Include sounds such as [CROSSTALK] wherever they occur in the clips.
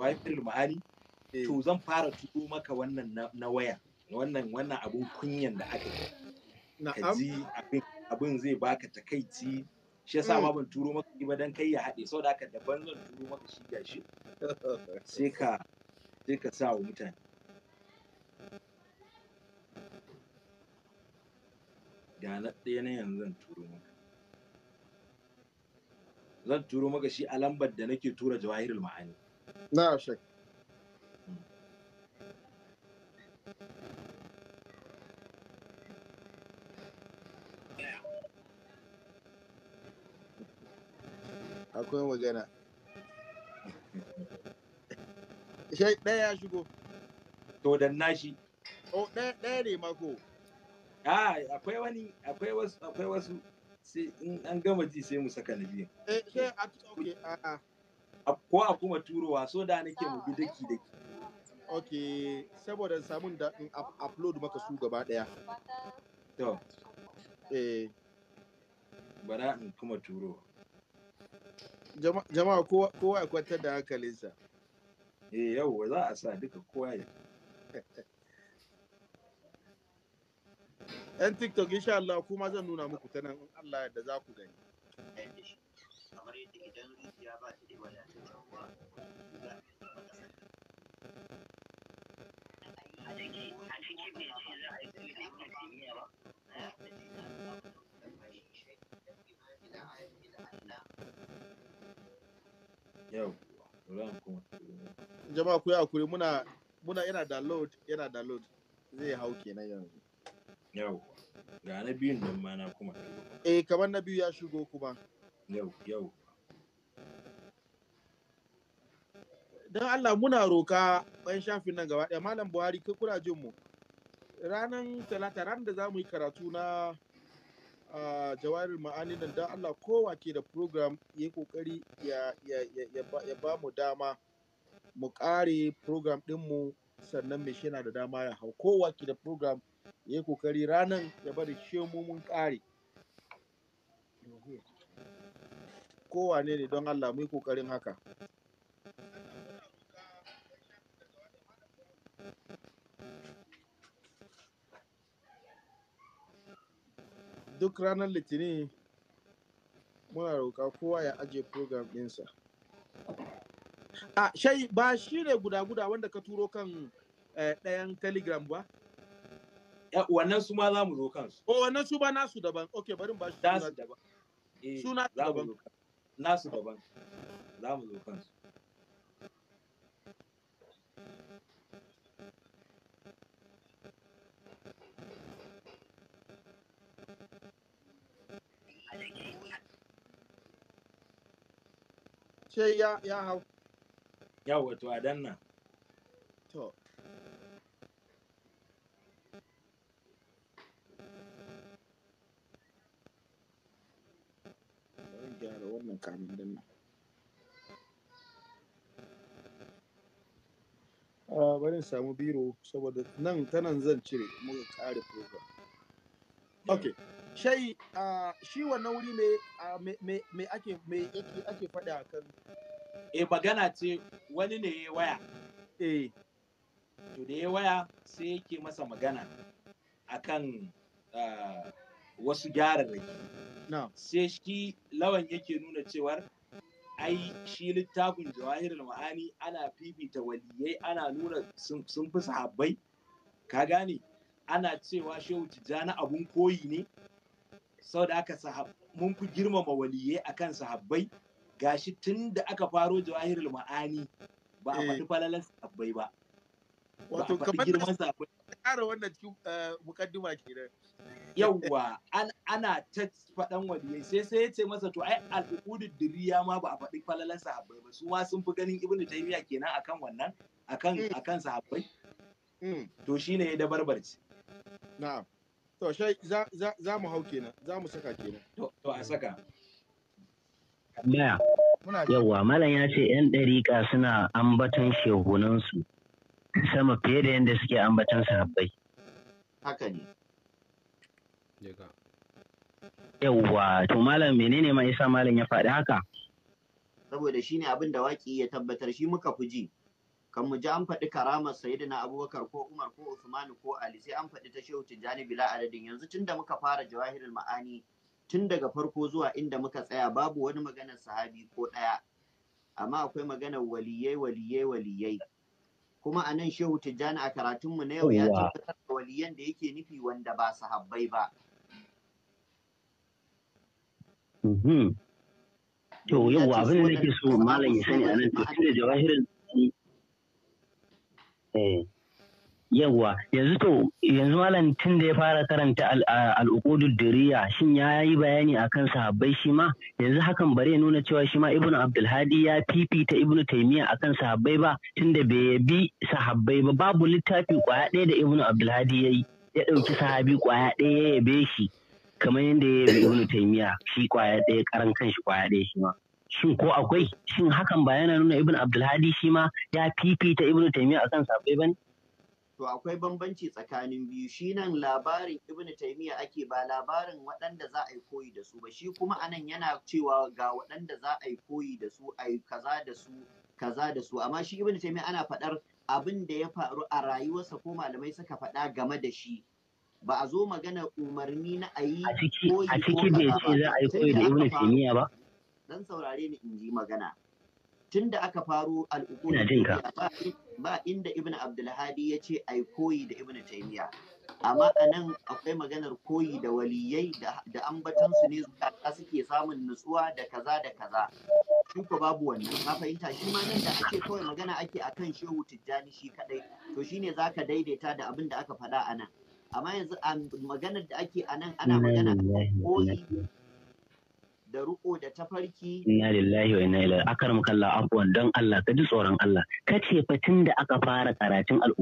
jawahirul ma'ani eh. to zan fara tuko maka wannan na waya wannan wannan abun kunyan da aka yi ka ji abin zai baka takaici shi yasa mm. ma ban turo maka ba dan kai ya haɗe saboda haka daban zan turo maka shi gashi [LAUGHS] sai ka sai ka sa wa mutane ga na ɗaya na yanzu zan turo maka zan turo maka shi a lambar da nake tura jawahirul ma'ani Not a akwai magana shai ɗaya ya shigo to dan nashi oh ɗaya ne mako a akwai wani akwai wasu akwai wasu sai in an gama ji sai mu saka na biyu eh sai a okay a ko a kuma turowa so da nake mu bi daki daki ok saboda samun da in upload maka su gaba daya to eh bara in kuma turo jama'a kowa ya kwantar da hankalinsa eh yau za a sa duka kowa ya yan tiktok insha Allah kuma zan nuna muku ta nan Allah da za ku gani kamar yadda idan rijiya ba ta da wadataccen ruwa za a zama kasar a cikin a cikin mai ce za a yi tsiri da yin kimiyya ba na ya fi da ba yau ran kuma jama'a ku yi hakuri muna muna yana download yana download zai hau kenan yanzu yau ga na biyun nan ma na kuma eh kamar na biyu ya shigo kuma yau don Allah muna roka ban shafin nan gaba ɗaya malam Buhari kai kuna jin mu ranan talata ranar da za mu yi karatu na a jawarin ma'ani nan don Allah kowa ke da program ya yi kokari ya ba mu dama mu ƙare program ɗinmu sannan mai na da dama ya hau kowa ke da program ya yi kokari ranan ya bari shemu mun kare. kowane ne don Allah mu yi kokarin haka duk ranar litinin muna roƙa kowa ya ajiye program ɗinsa a shai ba shi ne guda-guda wanda ka turo kan eh, ɗayan telegram ba wannan su ma za mu roƙansu. o oh, wannan su ba nasu daban ok barin ba shi suna daban eh, suna daban nasu daban za mu zo kansu ce ya hau yawa wato a danna samu biro saboda nan ta nan zan cire muka kare program ok shai shi wannan wuri me me ake me ake faɗa kan eh magana ce wani ne ya waya eh to da ya waya sai yake masa magana akan wasu gyararraki sai shi lawan yake nuna cewar ai shi littafin jawahirul ma'ani ana fifita waliyai ana nuna sun fi sahabbai ka gane ana cewa shehu tijjani abun koyi ne sau da aka mun fi girmama waliyai akan sahabbai gashi tun da aka faro jawahirul ma'ani ba a faɗi eh. falalan sahabbai ba wato kamar da girman zaɓe ƙara wannan cikin eh, mukaddima kenan yawwa ana ta faɗan waliyai sai sai ya ce masa to ai al'udud diriya ma ba a faɗi falalan sahabbai ba su ma sun fi ganin ibnu taymiya kenan akan wannan akan hmm. akan sahabbai hmm. to shine ya da barbarci na'am to shai za za za mu hau kenan za mu saka kenan to a saka Yawwa, Malam ya ce ‘yan ɗariƙa suna ambaton shehunansu, sama fiye da yadda suke ambaton sahabbai haka ne yawwa to malam menene ma isa malam ya faɗi haka saboda shi ne abin da waƙi ya tabbatar shi muka fi ji kan mu ji an faɗi karamar na abubakar ko umar ko Usmanu ko ali sai an faɗi ta shehu tijjani bila adadin yanzu tun da muka fara jawahirul ma'ani tun daga farko zuwa inda muka tsaya babu wani maganar sahabi ko ɗaya amma akwai maganar waliyai waliyai waliyai kuma a nan shehu tijjani a karatunmu na yau ya tabbatar da waliyan da yake nufi wanda ba mhm. su habbai ba. To yau yawwa yanzu to yanzu malam tun da ya fara karanta al'uqudud diriya shin ya yi bayani akan sahabbai shi ma yanzu hakan bare nuna cewa shi ma ibnu abdulhadi ya fifita ibnu taymiya akan sahabbai ba tun da bai bi sahabbai ba babu littafi kwaya ɗaya da ibnu abdulhadi ya yi ya ɗauki sahabi kwaya ɗaya ya yabe shi kamar yadda ya yabe ibnu taimiya shi kwaya ɗaya karan kanshi kwaya ɗaya shi ma shin ko akwai shin hakan ba yana nuna ibnu abdulhadi shi ma ya fifita ibnu taymiya akan sahabbai ba ne to akwai bambanci tsakanin biyu shi nan labarin ibn taymiya ake ba labarin waɗanda za a yi koyi da su ba shi kuma anan yana cewa ga waɗanda za a yi koyi da su a yi kaza da su kaza da su amma shi ibn taymiya ana faɗar abin da ya faru a rayuwarsa ko malamai suka faɗa game da shi ba a zo magana umarni na a yi koyi ko a ciki bai ce za a yi koyi da ibn taymiya ba dan saurare ni in ji magana tun da aka faro al'ukuna ba inda ibn abdulhadi ya ce ai koyi da ibn taymiya amma a nan akwai maganar koyi da waliyai da batansu ne zukata suke samun nutsuwa da kaza da kaza shi ko babu wannan ka fahimta shi ma nan da ake kawai magana ake akan shehu tijjani shi kadai to shine zaka daidaita da abin da aka faɗa a nan amma yanzu maganar da ake a nan ana magana koyi da ruko da tafarki. Inna lillahi wa inna ilaihi akar mukalla afwan don Allah ka ji tsoron Allah Ka ce, fa da aka fara karatun al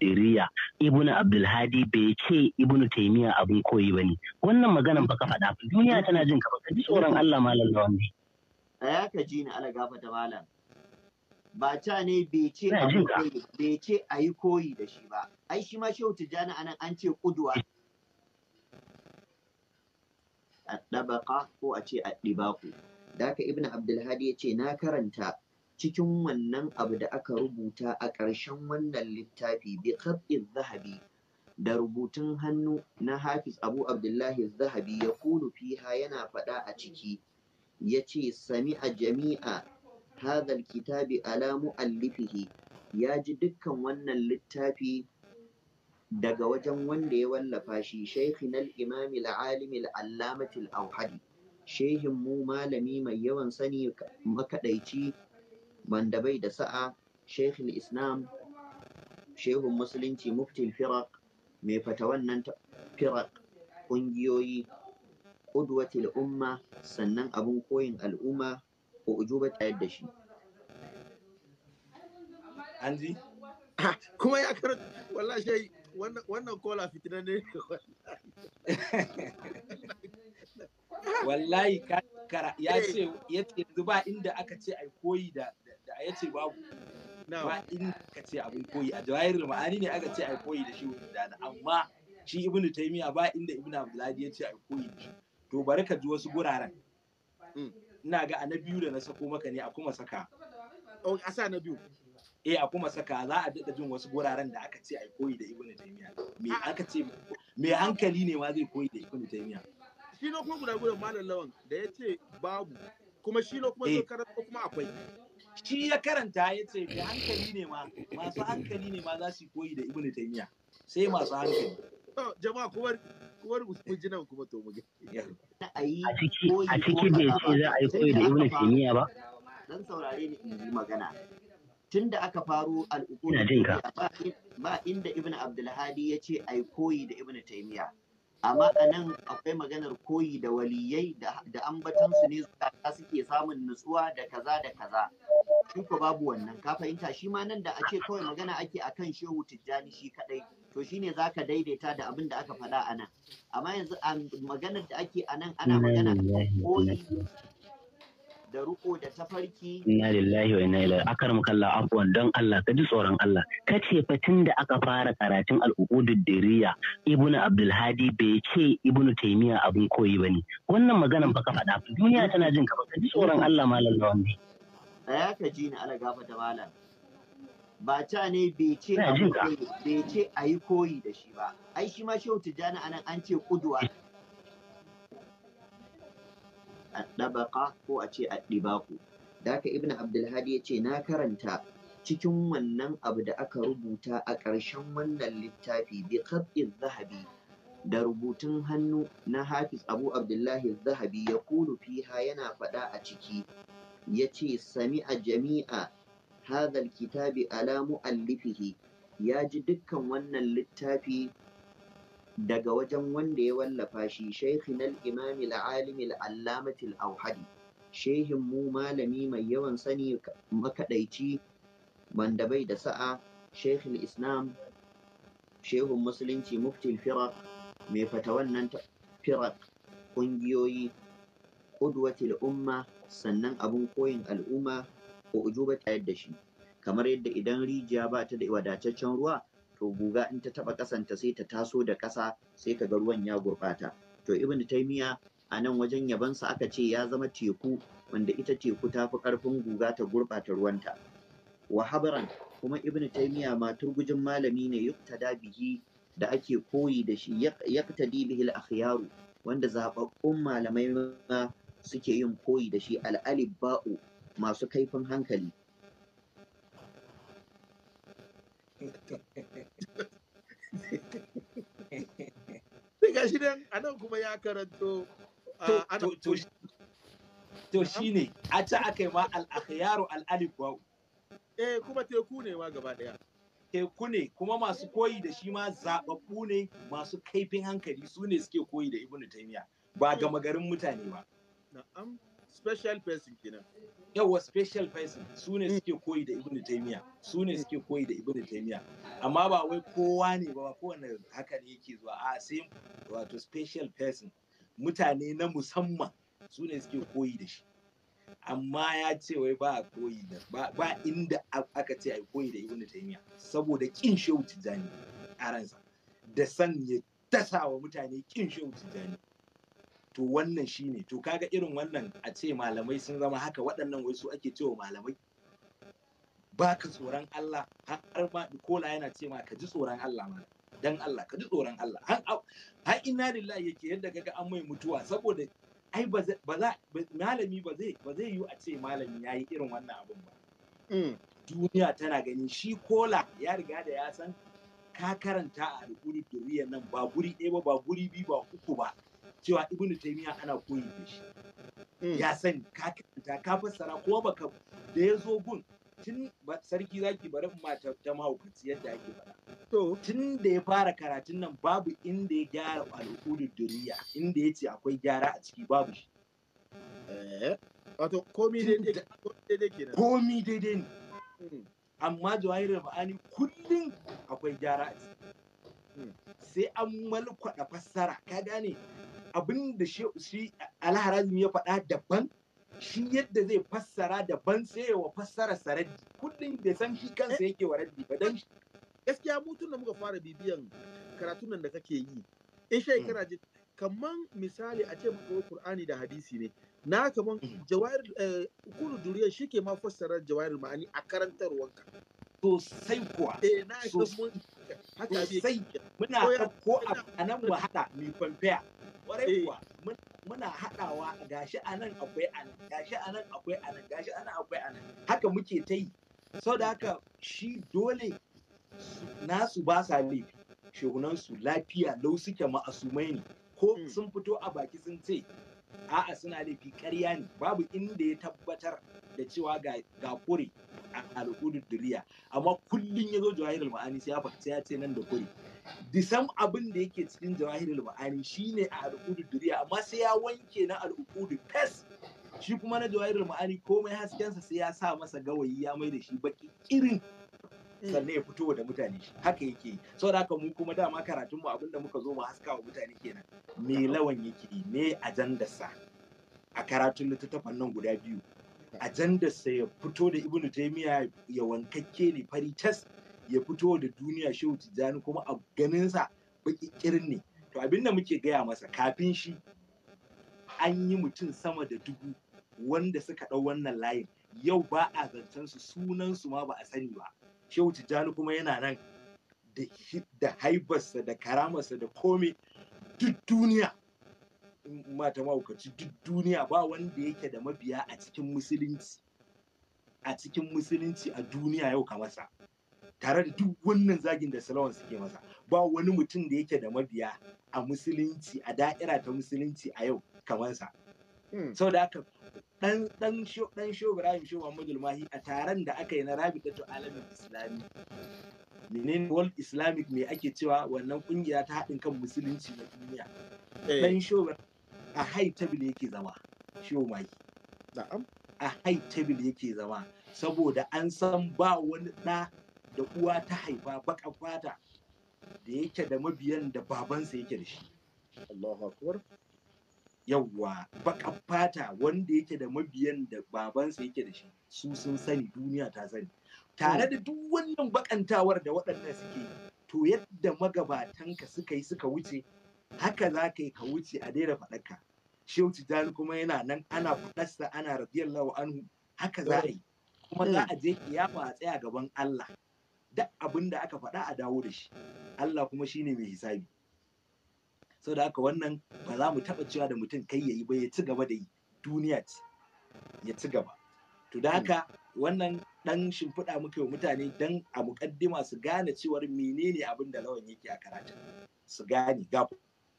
diriya ibnu abdulhadi bai ce ibnu taymiya abin koyi ba ne. wannan ba ka faɗa duniya tana jin ka ka ji tsoron Allah malam lawan ne aya ka ji ni ala gafa da malam ba ta ne bai ce a yi koyi da shi ba ai shi ma shehu a anan an ce kuduwa ɗabaƙa ko a ce ɗibaƙu da haka ibn abdulhadi ya ce na karanta cikin wannan abu da aka rubuta a ƙarshen wannan littafi bi khatin zahabi da rubutun hannu na hafiz abu abdullahi zahabi ya kulu fiha yana faɗa a ciki ya ce sami'a jami'a hadal kitabi ala mu'allifihi ya ji dukkan wannan littafi daga wajen wanda ya wallafa shi shaykhin al-imam al-alim al-allamati al-awhadi shehin mu malami mai yawan sani makadaici wanda bai da sa'a shaykhul islam shehun musulunci Mufti firaq mai fata wannan firaq kungiyoyi qudwatul umma sannan abun koyin al'umma ko ujuba ta yadda shi an ji ah, kuma ya karatu, wallahi wannan kola fitina ne [LAUGHS] wallahi ya ce ya ce yanzu ba inda aka ce ai koyi da ya ce babu ba inda aka ce abin koyi a jawahirul ma'ani ne aka ce ai koyi da shi da amma shi ibnu taymiya ba inda ibnu abdullahi ya ce ai koyi da shi to bari ka ji wasu guraren mm. ina ga ana na biyu da na sako maka ne a kuma saka oh, a sa na biyu eh a kuma saka za a daɗa jin wasu guraren da aka ce a koyi da ibn taymiya me aka ce me hankali ne ma zai koyi da ibn taymiya shi no kuma guda gudun malam lawan da ya ce babu kuma shi no kuma zai eh. karanta kuma akwai shi ya karanta ya ce me hankali ne ma masu hankali ne ma za su koyi da ibn taymiya sai masu hankali jama'a kuma kuwar kujinan kuma to muke a ciki a ciki bai ce za a yi koyi da ibnu taymiya ba dan saurare ni in yi magana tun da aka faro al'ukuna ba inda ibn abdulhadi ya ce ai koyi da ibn taimiya amma a nan akwai maganar koyi da waliyai da ambatansu ne zukata suke samun nutsuwa da kaza da kaza in babu wannan ka fahimta shi ma nan da a ce kawai magana ake a kan shehu tijjani shi kadai to shine zaka daidaita da abin da aka faɗa a nan amma yanzu maganar da ake a nan ana magana koyi da ruko da tafarki inna lillahi wa inna ilaihi akar mukalla afwan don Allah ka ji tsoron Allah kace fa tun da aka fara karatun al-uqudud diriya ibnu abdul hadi bai ce ibnu taymiya abun koyi bane wannan maganan ba ka faɗa duniya tana jin ka ka ji tsoron Allah malam lawan ya ka ji ni ala gafa da malam ba ta ne bai ce a yi koyi da shi ba ai shi ma shehu tijjani anan an ce kuduwa addabaka ko a ce addibaku da haka ibn abdulhadi ya ce na karanta cikin wannan abu da aka rubuta a ƙarshen wannan littafi bi qat'iz zahabi da rubutun hannu na hafiz abu abdullahi zahabi ya kulu fiha yana faɗa a ciki ya ce sami'a jami'a hadha kitabi ala mu'allifihi ya ji dukkan wannan littafi daga wajen wanda ya wallafa shi shaikhina al-imam al auhadi shehin mu malami mai yawan sani makaɗaici wanda bai da sa'a shaikh islam shehun musulunci muftil Firak, mai fata wannan Firak, ƙungiyoyi, ƙudwatil umma sannan abin koyin al'umma ko ujuba ta yadda shi kamar yadda idan rijiya ba ta da wadataccen ruwa to guga in ta taba kasanta sai ta taso da kasa sai ka ga ruwan ya gurbata to ibn taymiya a nan wajen yabansa aka ce ya zama teku wanda ita teku ta fi karfin guga ta gurbata ruwanta wa kuma ibn taymiya ma turgujin malami ne yuktada bihi da ake koyi da shi yaktadi bihi al-akhyaru wanda zababbun malamai ma suke yin koyi da shi al alibbau masu kaifin hankali sai ga shi nan a nan kuma ya karanto to shi ne a ta aka yi ma al'akhiyaru al'alif wawu eh kuma teku ne ma gaba daya teku ne kuma masu koyi da shi ma zaɓaɓɓu ne masu kaifin hankali su ne suke koyi da ibnu taymiya ba gama garin mutane ba na'am special person kenan yawa special person su ne suke koyi da ibnu taymiya su ne suke koyi da ibnu taymiya amma ba wai kowa ne ba kowanne haka ne yake zuwa a sai wato special person mutane na musamman su ne suke koyi da shi amma ya ce wai ba koyi da ba inda aka ce a koyi da ibnu taymiya saboda kin shehu tijani a ransa da san ya tasawa wa mutane kin shehu tijani to wannan shi ne, to kaga irin wannan a ce malamai sun zama haka waɗannan wai su ake cewa malamai ba ka tsoron Allah har ma kola yana ce ma ka ji tsoron Allah ma dan Allah ka ji tsoron Allah har inna lillahi yake yadda kaga an mai mutuwa saboda ai ba za malami ba zai ba zai yi a ce malami yayi irin wannan abun ba mm. duniya tana gani shi kola ya riga da ya san ka karanta a alƙuri nan ba guri ɗaya ba ba guri biyu ba uku ba cewa ibn taymiya ana koyi da shi mm. ya sani ka karanta ka fassara ko baka da ya zo gun tun sarki zaki bari ma ta mahaukaci yadda ake ba To tun da ya fara karatun nan babu inda ya gyara al'udu duniya inda ya ce akwai gyara a ciki babu shi. Eh, wato komi daidai kenan. Komi daidai ne. Mm. Amma da ma'ani kullum akwai gyara a ciki. Mm. Sai an kwaɗa fassara ka gane abin da shi alharazmi ya faɗa daban shi yadda zai fassara daban sai wa fassara saraddi Kullum da san shi kansa eh. yake wa raddi ba dan gaskiya tun da muka fara bibiyan karatun nan da kake yi in sha mm. kana ji kaman misali a ce muka Qur'ani da hadisi ne na kaman mm. jawahir eh, kullu duriyar shi ke ma fassara jawahir ma'ani a karantarwanka sosai kuwa eh na kaman haka sosai muna ko a nan mu hada mi fanfaya. kwarai eh. kuwa muna haɗawa gashi a nan akwai a nan gashi a nan akwai a nan gashi a nan akwai a nan haka muke ta yi sau da haka shi dole nasu ba sa laifi lafiya lau suke ma'asumai ne ko hmm. sun fito a baki sun ce a'a suna laifi karya ne babu inda ya tabbatar da cewa ga kure a al'udur duriya amma kullum ya zo jawahirul ma'ani sai ya ce nan da kure disan abin da yake cikin jawahirul ma'ani shine a al'udu duriya amma sai ya wanke na al'udu fes shi kuma na jawahirul ma'ani komai haskensa sai ya sa masa gawayi ya mai da shi baki irin hmm. sannan ya fito da mutane shi. haka yake yi saboda haka mu kuma dama karatun mu abinda muka zo mu haska wa mutane kenan me lawan yake yi me ajandarsa a karatun littattafan nan guda biyu ajandarsa ya fito da ibnu taymiya ya wankakke ne fari tas ya fito da duniya shehu tijjani kuma a ganinsa baki kirin ne to abinda da muke gaya masa kafin shi an yi mutum sama da dubu wanda suka ɗau wannan layin yau ba a zancen su sunan su ma ba a sani ba shehu tijjani kuma yana nan da haibarsa da karamarsa da komai duk duniya mata mahaukaci duk duniya ba wanda yake da mabiya a cikin musulunci a cikin musulunci a duniya yau kamasa tare da duk wannan zagin da salawan suke masa ba wani mutum da yake da mabiya a musulunci a da'ira ta musulunci a yau kamansa hmm. sau da haka dan dan sho dan sho Ibrahim sho Muhammadu Mahi a taron da aka yi na da Alamin Islami menene World Islamic me ake cewa wannan kungiya ta haɗin kan musulunci na duniya dan eh. sho a high table yake zama sho Mahi na'am a high table yake zama saboda an san ba wani ɗa da uwa ta haifa baka fata da yake da mabiyan da babansa yake da shi yawwa baka fata wanda yake da mabiyan da babansa yake da shi su sun sani duniya ta sani tare da duk wannan bakantawar da waɗannan suke to yadda magabatanka suka yi suka wuce haka za ka yi ka wuce a daina faɗaka shehu Jan kuma yana nan ana faɗarsa ana radiyallahu anhu haka za a yi kuma za hmm. a je kiyama a tsaya gaban Allah duk abin da aka faɗa a dawo da shi Allah kuma shine mai hisabi saboda haka wannan ba za mu taba cewa da mutum kai yayi ba ya ci gaba da yi duniya ce ya ci gaba to da haka wannan dan shimfiɗa muke wa mutane dan a muƙaddima su gane cewar menene abin da lawan yake a karatun su gane ga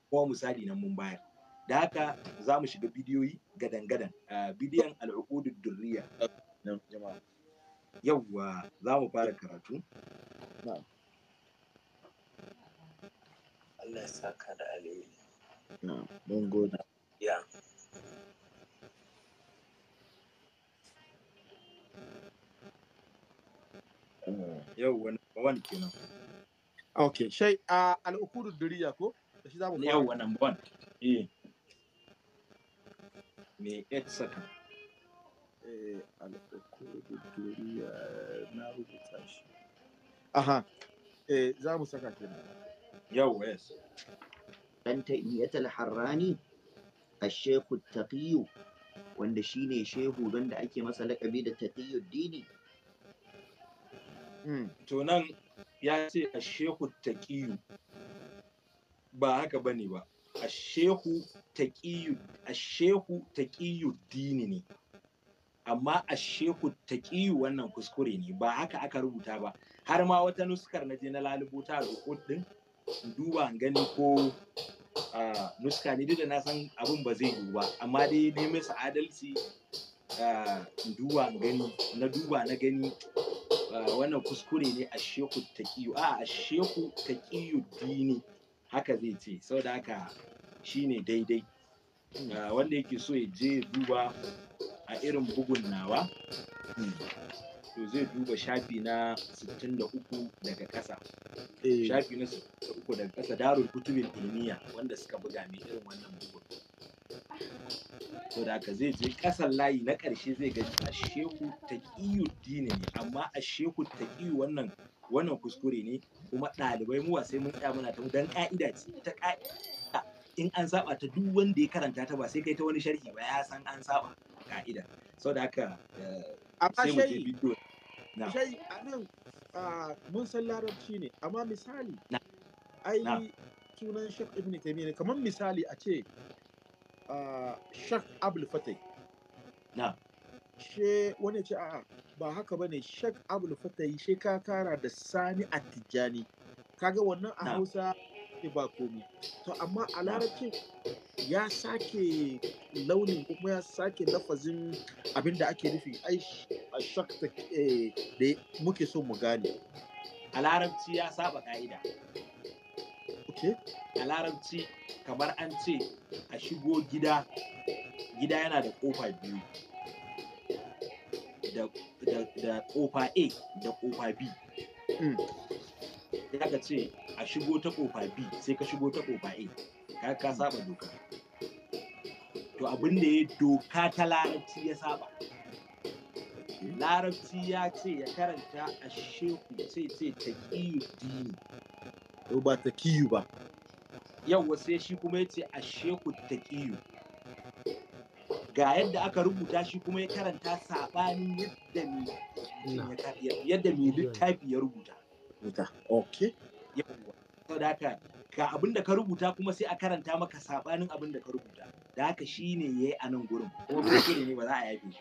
kuma misali nan mun bayar da haka za mu shiga bidiyoyi gadan-gadan ah, bidiyon al'uqudud durriya jama'a yauwa za mu fara karatu Allah ya saka da alheri mun gode ya yawwa wani kenan ok shai a al'ukudu duriya ko da shi za mu fara yawwa number one eh me 8 second Eh, alƙaƙo na rubuta shi aha eh za mu saka kenan yau yes dan ta al-harrani الشيخ التقي wanda shi ne shehu don da ake masa lakabi da taqiyuddini hmm. to nan ya ce a shehu taqiyu ba haka bane ba a shehu taqiyu a shehu taqiyuddini ne amma a sheku taƙi wannan kuskure ne ba haka aka rubuta ba har ma wata nuskar na je na lalubo ta al'ukut din duba gani ko nuska ne duk da na san abin ba zai yiwu ba amma dai ne masa adalci duba gani na duba na gani wannan kuskure ne a sheku kiyu a a sheku taƙiyu dini haka zai ce saboda haka shine daidai wanda yake so ya je duba a irin bugun nawa hmm. to zai duba shafi na 63 daga ƙasa eh. shafi na 63 daga ƙasa darul kutubin ilmiya wanda suka buga mai irin wannan bugun to da haka zai je ƙasan layi na ƙarshe zai ga a shehu taqiyu dini ne amma a shehu taqiyu wannan wannan kuskure ne kuma ɗalibai mu sai mun tsaya muna ta dan ƙa'ida ce ta ƙa'ida in an saba ta duk wanda ya karanta ta ba sai kai ta wani sharhi ba ya san an saba ka'ida sau da haka eh, sai mu je bidiyo na a nan mun san larabci ne amma misali ai sunan shek ibn ne kamar misali a ce shek abul fatai na she wani ce a'a ba haka bane shek abul fatai she ka kara da sani tijjani kaga wannan a hausa ba komi to amma a larabci. ya sake launin kuma ya sake lafazin abin da ake nufi a shakta eh, da muke so mu gane a larabci ya saba ka'ida a larabci kamar an ce a shigo gida gida yana da kofa biyu da kofa a da kofa b ya mm. ka ce a shigo ta kofa b sai ka shigo ta kofa a ka saba doka to abin da ya doka ta larabci ya saba larabci ya ce ya karanta a shehu ce ce ta kiyu dini to ba ta kiyu ba wasu sai shi kuma ya ce a shehu ta kiyu ga yadda aka rubuta shi kuma ya karanta sabanin yadda mai littafi ya rubuta ok yawwa saboda haka ga abin da ka rubuta kuma sai a karanta maka sabanin abin da ka rubuta da haka shi ne ya yi a nan gurin ko kuskure ne ba za a yafe shi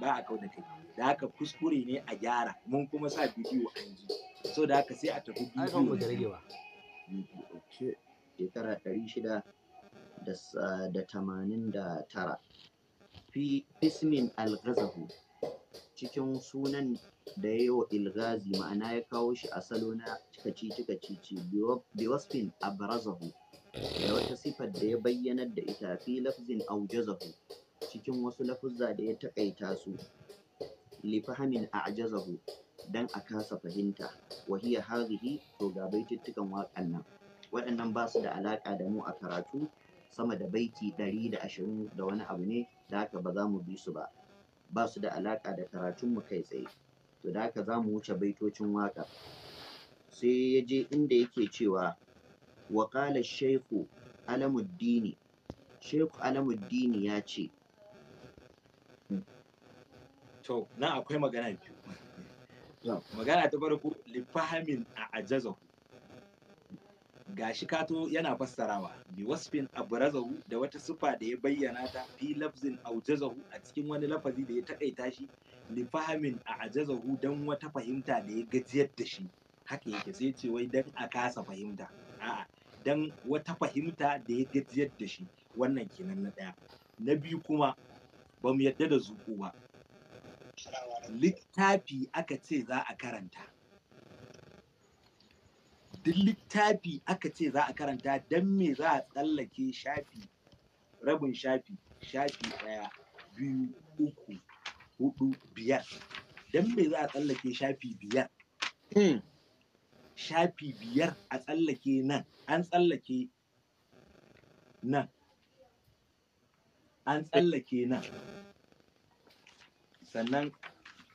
ba a kau da kai da haka kuskure ne a gyara mun kuma sa bidiyo an ji so da haka sai a tafi bidiyo shekara ɗari shida ah, da tamanin da tara fi ismin alghazahu cikin sunan da ya yi wa ilgazi ma'ana ya kawo shi a salo na cikaci cikaci a abrazahu da wata sifar da ya bayyanar da ita fi lafzin aujazahu cikin wasu lafuzza da ya taƙaita su li fahamin a'jazahu dan a kasa fahimta wa hiya hadhihi to ga baitittukan waƙan nan waɗannan ba su da alaƙa da mu a karatu sama da baiti ɗari da ashirin da wani abu ne da haka ba za mu bi su ba ba su da alaƙa da karatun mu kai tsaye to da haka za mu wuce baitocin waƙa sai ya je inda yake cewa wa qala shaykhu alamuddini shaykhu alamuddini ya ce to na akwai magana biyu magana ta farko lifahamin a ajazahu gashi kato yana fassarawa bi wasfin abrazahu da wata sufa da ya bayyana ta fi lafzin aujazahu a cikin wani lafazi da ya takaita shi li fahamin a ajazahu dan wata fahimta da ya gajiyar da shi haka yake sai ce wai dan a kasa fahimta don wata fahimta da ya gajiyar da shi wannan kenan na ɗaya na biyu kuma ba mu yadda da zuku ba littafi aka ce za a karanta duk littafi aka ce za a karanta don me za a tsallake shafi rabin shafi shafi ɗaya biyu uku huɗu, biyar don me za a tsallake shafi biyar hmm. shafi biyar a tsallake nan an tsallake nan an tsallake nan sannan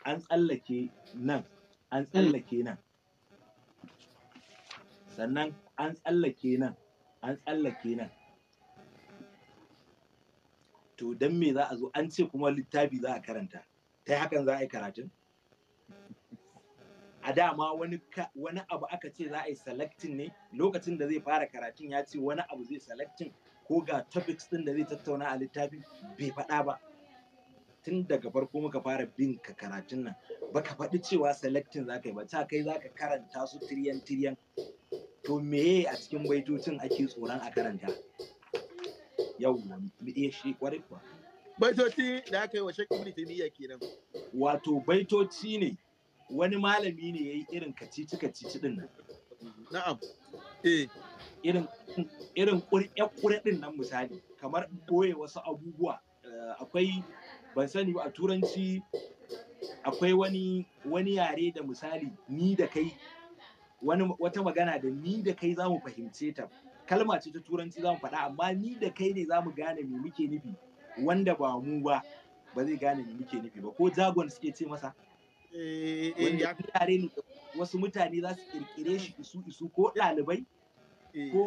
an tsallake nan an tsallake nan sannan an tsallake nan an tsallake nan to don me za a zo an ce kuma littafi za a karanta ta yi hakan za a yi karatun a dama wani wani abu aka ce za a yi selecting ne lokacin da zai fara karatun ya ce wani abu zai selecting ko ga topics din da zai tattauna a littafi bai faɗa ba tun daga farko muka fara bin ka karatun nan baka faɗi cewa selecting za ka yi ba ta kai za ka karanta su tiriyan tiriyan to meye a cikin baitocin ake tsoron a karanta yau mu iya eh shi kwarai kuwa baitoci da aka yi wa shakki ibn taymiya kenan wato baitoci ne wani malami ne ya yi irin kacici kacici din nan na'am eh. eh irin irin kure din nan misali kamar koye wasu abubuwa eh, akwai ban sani ba a turanci akwai wani wani yare da misali ni da kai wani wata magana da ni da kai za mu fahimce ta kalma ce ta turanci za mu faɗa amma ni da kai ne za mu gane me muke nufi wanda ba mu ba ba zai gane me muke nufi ba ko jagon suke ce masa Eh, wanda mutane ne wasu mutane za su kirkire shi isu isu ko ɗalibai eh. ko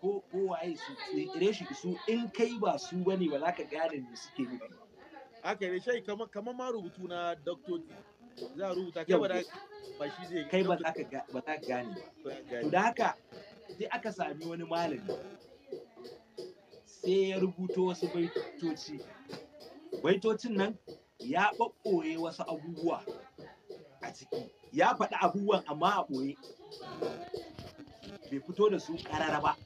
ko ko waye su kirkire shi isu in kai ba su bane ba za ka gane me suke yi ba ne shai kamar kamar ma rubutu na doctor za a rubuta kai ba ba shi zai kai ba za ka ba za ka gane to da haka sai aka sami wani malami sai ya rubuto wasu baitoci baitocin nan ya ɓaɓɓoye wasu abubuwa ciki ya faɗi abubuwan amma a ɓoye bai fito da su ƙarara ba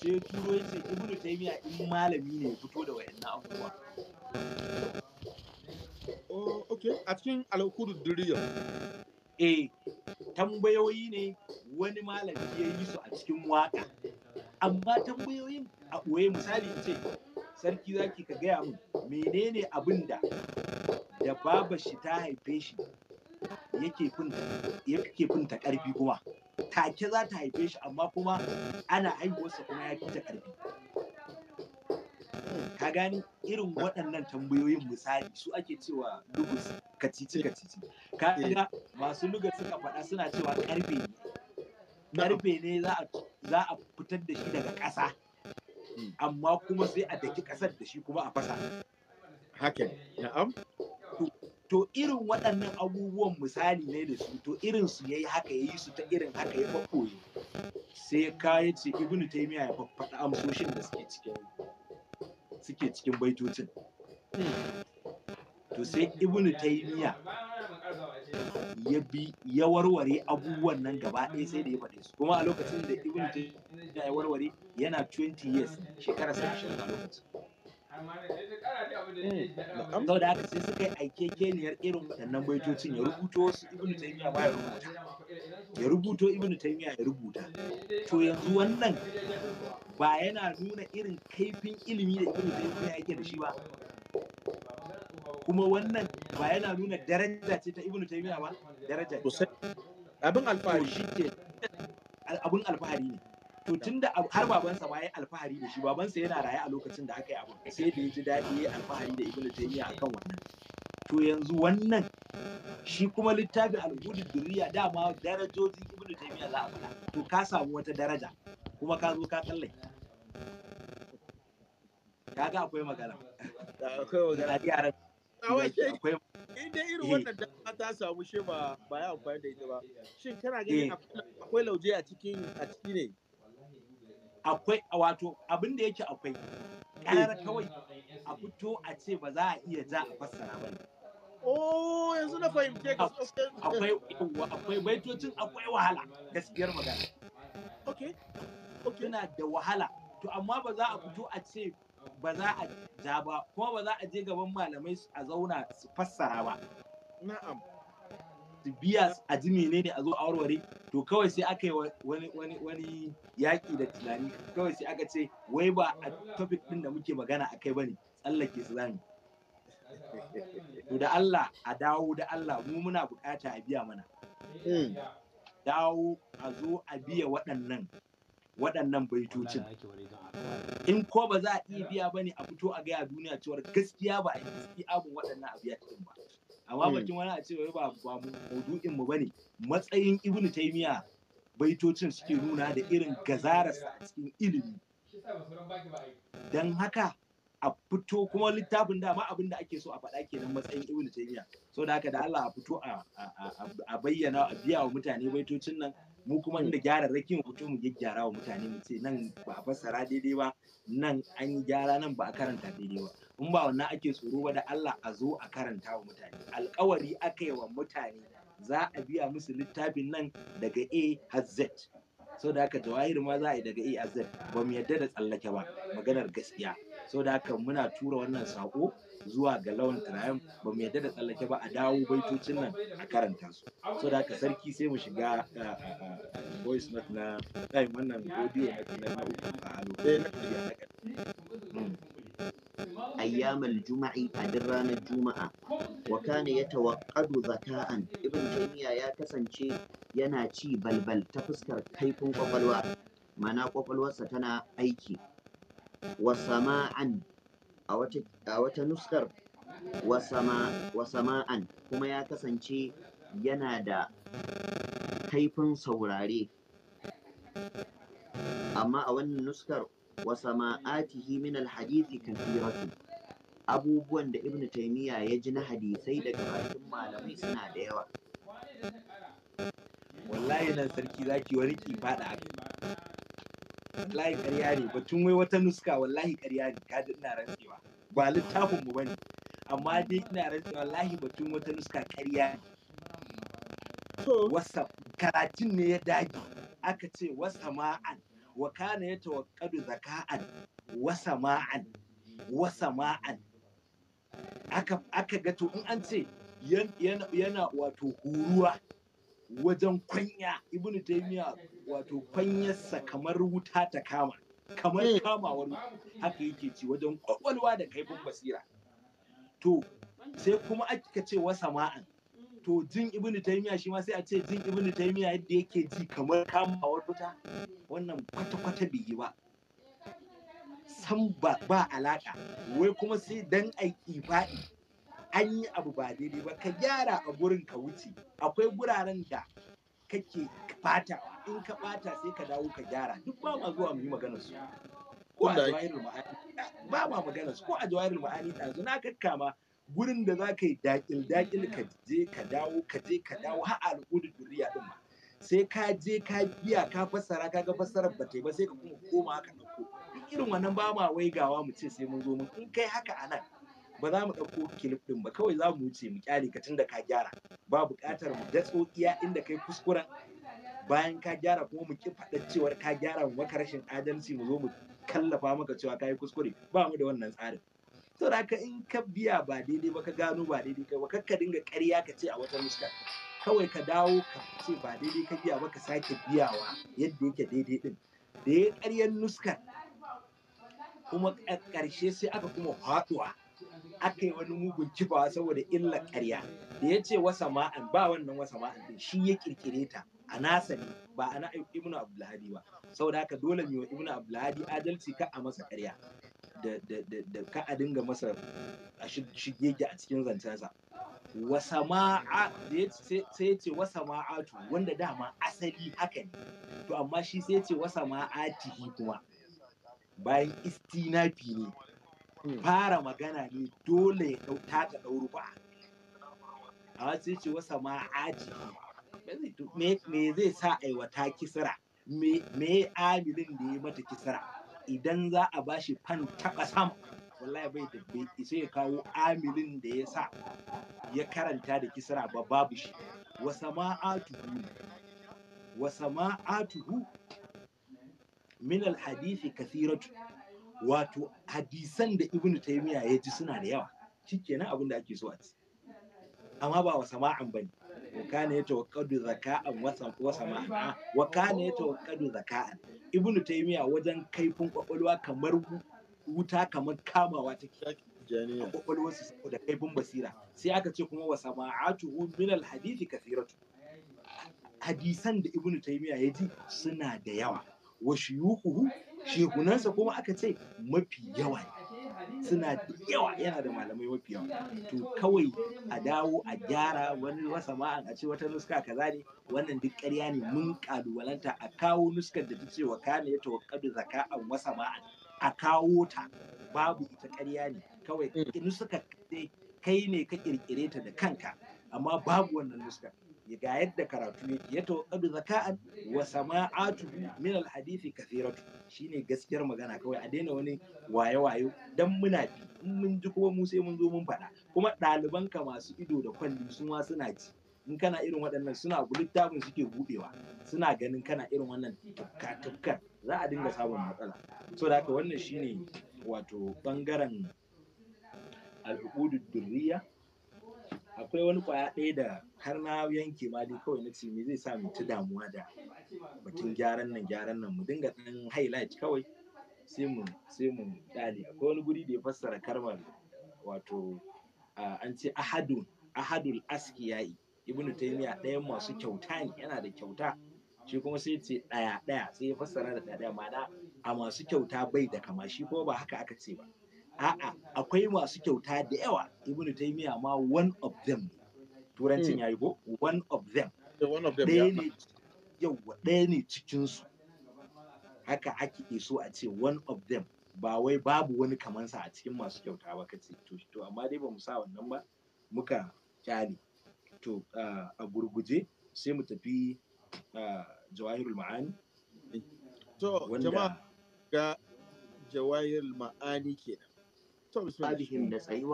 sai ya turo ya ce ibnu taymiya in malami ne ya fito da wayannan abubuwa oh, okay a cikin al'ukudu duriya eh tambayoyi ne wani malami ya yi su a cikin waka amma tambayoyin a ɓoye misali ce sarki zaki ka gaya min menene abin da da baba shi ta haife shi yake fin ta ƙarfi kuma take za ta haife shi amma kuma ana haihuwarsa kuma ya fi ta ƙarfi ka gani irin waɗannan tambayoyin misali su ake cewa lugus kacici kacici ka eh. ga masu lugas suka faɗa suna cewa ƙarfe ne ƙarfe ne za a fitar da shi daga ƙasa hmm. amma kuma sai a daki ƙasar da shi kuma a fasa haka na'am to irin waɗannan abubuwan misali ne da su to irin su yayi haka yayi su ta irin haka ya fakoye sai ka ya ce ibnu taymiya ya faɗa amsoshin da suke cikin suke cikin baitocin to sai ibnu taymiya ya bi ya warware abubuwan nan gaba ɗaya sai da ya faɗe su kuma a lokacin da ibnu taymiya ya warware yana 20 years shekara 60 a lokacin Sau da haka sai suka yi aikekeniyar irin waɗannan baitocin ya rubuto wasu Ibn Taymiyyah ba ya rubuta. Ya rubuto Ibn Taymiyyah ya rubuta. To yanzu wannan ba yana nuna irin kaifin ilimi da Ibn Taymiyyah yake da shi ba. Kuma wannan ba yana nuna daraja ce ta Ibn Taymiyyah ba, daraja. Abin alfahari shi ke abin alfahari ne. to tunda har babansa ma ya alfahari da shi babansa yana raye a lokacin da aka yi abu, sai da ya ji daɗi ya alfahari da ibnu taymiya akan wannan to yanzu wannan shi kuma littafin al'udu duriya dama darajoji ibnu taymiya za a fara to ka samu wata daraja kuma ka zo ka kalle kaga akwai magana akwai magana akwai dai irin wannan eh. dama ta samu shi ba ba ya amfani da ita ba shin kana ganin eh. akwai lauje a cikin a ciki ne akwai wato abin da yake akwai ƙara kawai a fito a ce ba za a iya ja a fassara ba Oh yanzu na fahimce ka akwai akwai baitocin akwai wahala gaskiyar magana. Okay. Okay. Yana da wahala to amma ba za a fito a ce ba za a ja ba kuma ba za a je gaban malamai a zauna su fassara ba. Na'am. su biya a ji menene a zo a warware to kawai sai aka yi wani wani yaki da tunani kawai sai aka ce wai ba a topic din da muke magana akai bane tsallake su zamu to da Allah a dawo da Allah mu muna bukata a biya mana hmm. dawo a zo a biya waɗannan waɗannan baitocin in ko ba za a iya biya bane a fito a gaya duniya cewa gaskiya ba a yi abin waɗannan abu ya ba amma hmm. bakin wani a ce wai ba ba maudu'in mu bane matsayin ibnu taymiya baitocin suke nuna da irin gazararsa a cikin ilimi dan haka a fito kuma littafin dama abin da ake so a faɗa kenan matsayin ibnu taymiya saboda haka da Allah a fito a bayyana a biya wa mutane baitocin nan mu kuma mm. inda gyara raki mu fito mu gyara wa mutane mu ce nan ba a fassara daidai ba nan an yi gyara nan ba a karanta daidai ba in ba wannan ake tsoro ba da Allah a zo a karanta wa mutane alkawari aka yi wa mutane za a biya musu littafin nan daga A har Z so da haka jawahir ma za a yi daga A har Z ba mu yadda da tsallake ba maganar gaskiya so da haka muna tura wannan sako Zuwa ga Lawan Triumph ba mu yadda da tsallake ba a dawo baitocin nan a karanta su, sau da haka Sarki sai mu shiga voicemen na. A wannan godiyar na kalli na'urwar al-Aliya na karya ta ƙasa. Hmm. Ayyamar Juma'i a bin ranar Juma'a, Wakana ya tawakadu zaƙa'an ibin Jami'a ya kasance yana ci balbal ta fuskar kaifin kwakwalwa, ma'ana kwakwalwarsa tana aiki wa sama'an. a wata nuskar wasama'an kuma ya kasance yana da kaifin saurare amma a wannan nuskar wasama'atihi min alhadithi kathiratu abubuwan da ibn taymiya ya ji na hadisai daga bakin malamai suna da yawa wallahi nan sarki zaki wani ki fada a wallahi ƙarya ne batun wai wata nuska wallahi ƙarya ne ka ina rantsewa ba littafin mu bane amma dai ina rantsewa wallahi batun wata nuska ƙarya ne wasa karatun ne ya dage aka ce wasa ma'an wa kana ya tawakkadu zaka'an wasa ma'an wasa ma'an aka ga to in an ce yana wato huruwa wajen kwanya ibnu taymiya wato kwanyarsa kamar wuta ta kama kamar hmm. kama wani, haka yake ci wajen kwakwalwa da kaifin basira to sai kuma aka ce wasa ma'an, to jin ibnu taymiya shi ma sai a ce jin ibnu taymiya yadda yake ji kamar kamawar wuta wannan kwata-kwata bai yi ba san ba alaka wai kuma sai dan ai ibadi an yi abu ba daidai ba ka gyara a gurin ka wuce akwai guraren da kake bata in ka bata sai ka dawo ka gyara duk ba ma zuwa mu yi magana su ko a jawairul ma'ani ba ma magana su ko a jawairul ma'ani ɗazu na kakkama gurin da za ka yi dakil dakil ka je ka dawo ka je ka dawo har al'udu duriya din ma sai ka je ka biya ka fassara ka ga fassarar ba ta yi ba sai ka kuma koma haka ɗauko duk irin wannan ba ma waigawa mu ce sai mun zo mun in kai haka a nan ba za mu ɗauko kilif ɗin ba kawai za mu wuce mu kyale ka tunda ka gyara ba buƙatar mu datso iya inda kai kuskuren bayan ka gyara kuma mu ki faɗa cewar ka gyara mu maka rashin adalci mu zo mu kallafa maka cewa ka yi kuskure ba mu da wannan tsarin to da haka in ka biya ba daidai ba ka gano ba daidai kai ba ka dinga ƙarya ka ce a wata muskar. kawai ka dawo ka ce ba daidai ka biya ba ka sake biyawa yadda yake daidai din da ya ƙaryar nuskar kuma ƙarshe sai aka kuma faɗuwa aka yi wani mugun kifawa saboda illa ƙarya da ya ce wasa ma'an ba wannan wasa ma'an din shi ya kirkire ta a nasa ne ba a na Ibn abdulhadi ba saboda haka dole mu wa Ibn abdulhadi adalci ka a masa ƙarya da ka a dinga masa a shige a cikin zancensa wasa ma'a sai ya ce wasa ma'atu wanda dama asali haka ne to amma shi sai ya ce wasa ma'atihi kuma bayan istinafi ne Hmm. fara magana ne dole ya ɗau taka ɗauru ba a wasu ce wasa ma aji me zai sa aiwata kisira me amilin da ya mata kisira idan za a bashi fan taɓa sam wallahi bai da bai isa ya kawo amilin da ya sa ya karanta da kisra ba babu shi wa wasa ma atuhu min alhadisi kathiratu wato hadisan da Ibn taymiya ya ji suna da yawa shikenan abin da ake so a ci amma ba wa sama'an bane wa kana ya tawakkadu zaka'an wa sama'an wa kana ya tawakkadu zaka'an Ibn taymiya wajen kaifin kwakwalwa kamar wuta kamar kamawa take a su saboda kaifin basira sai aka ce kuma wa sama'atuhu min alhadith kathiratu hadisan da Ibn taymiya ya ji suna da yawa wa shuyukuhu shekunansa kuma aka ce mafi yawa suna da yawa yana da malamai mafi yawa to kawai a dawo a gyara wani wasa ma a ce wata nuska kaza ne wannan duk ƙarya ne mun kalubalanta a kawo nuskar da ta ce wa kana ya zaka an wasa ma a kawo ta babu ita ƙarya ne kawai hmm. nuskar kai ne ka kirkire ta da kanka amma babu wannan nuskar ga yadda karatu yake ya tawqadu zaka'an wa sama'atu min alhadisi kathiratu shine gaskiyar magana kawai a daina wani waye waye dan muna bi in mun ji kuma mu sai mun zo mun faɗa kuma ɗalibanka masu ido da kwalli su ma suna ji in kana irin waɗannan suna littafin suke buɗewa suna ganin kana irin wannan tukka za a dinga samun matsala so da haka wannan shine wato ɓangaren al'udu durriya akwai wani kwaya ɗaya da har na yanke ma dai kawai na ce me zai sa mu ta damuwa da batun gyaran nan gyaran nan mu dinga ɗan highlight kawai sai mu sai mu dale akwai wani guri da ya fassara karmar wato an ce ahadun ahadul askiyai ibnu taymiya ɗayan masu kyauta ne yana da kyauta shi kuma sai ce ɗaya ɗaya sai ya fassara da ɗaya ɗaya ma'ana a masu kyauta bai da kama shi ko ba haka aka ce ba a'a akwai masu kyauta da yawa ibnu taymiya ma one of them turancin hmm. yayi ko one of them ɗaya ne yauwa ɗaya ne cikinsu haka ake so a ce one of them ba wai babu wani kamansa a cikin masu kyauta ba kace to to amma dai ba mu sa wannan ba muka kyale to ah, a gurguje sai mu tafi ah, jawahirul ma'ani to jama'a ga jawahirul ma'ani kenan Tabii söyle. Hadi şimdi.